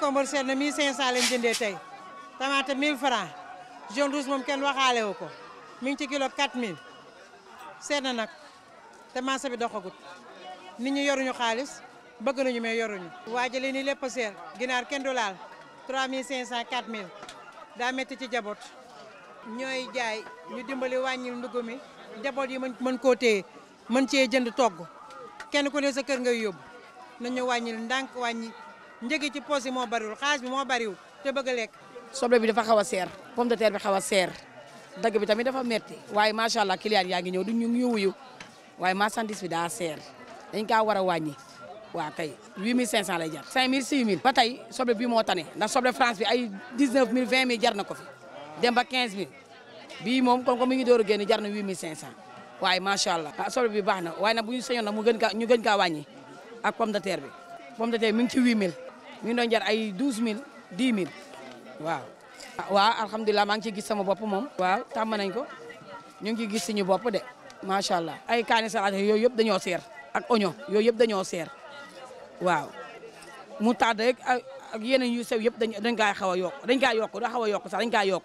combar seer na 1500 lañ jëndee tey tamaate 1000 francs jaune rouge moom kenn waxaale ko mi ngi ci kilo 4000 seet na nag te marché bi doxagut nit ñi yoruñu xaalis bëgg nañu mais yoruñu waajale ni lépp ginaar kenn du laal 3500 4000 daa métti ci jaboot ñooy jaay ñu dimbali wàññil ndugg mi jaboot yi mën mën koo mën cee jënd togg kenn ku ne sa kër ngay yóbbu nañu wàññil ndànk wàññi njëgi ci poos yi moo bariwul xaalis bi moo bariwul te bëgg a lekk. soble bi dafa xaw a seer pomme de terre bi xaw a seer dagg bi tamit dafa metti waaye macha allah client yaa ngi ñëw du ñu ngi wuyu waaye marchandise bi daa seer dañ kaa war a wàññi waa kay 8500 lay jar. 5000 6000 ba tey soble bi moo tane ndax soble France bi ay 19000 20000 jar na ko fi dem ba 15000 bii moom kon ko ngi door a génn jar na 8500. waaye macha allah ah solo bi baax na waaye nag bu ñu sañoon nag mu gën kaa ñu gën kaa wàññi ak pomme de terre bi pomme de terre ngi ci 8000 mi ngi doon jar ay 12000 10000 waaw. Ah, waaw alhamdulilah maa ngi ci gis sama bopp moom. waaw tàmm nañ ko ñu ngi ciy gis suñu bopp de macha allah ay kaani salade yooyu yëpp dañoo seer ak oignon yooyu yëpp dañoo seer waaw mu tàdd rek ak yeneen yu sew yëpp dañ dañ kaa xaw a yokk dañ kaa yokk da xaw a yokk sax dañ kaa yokk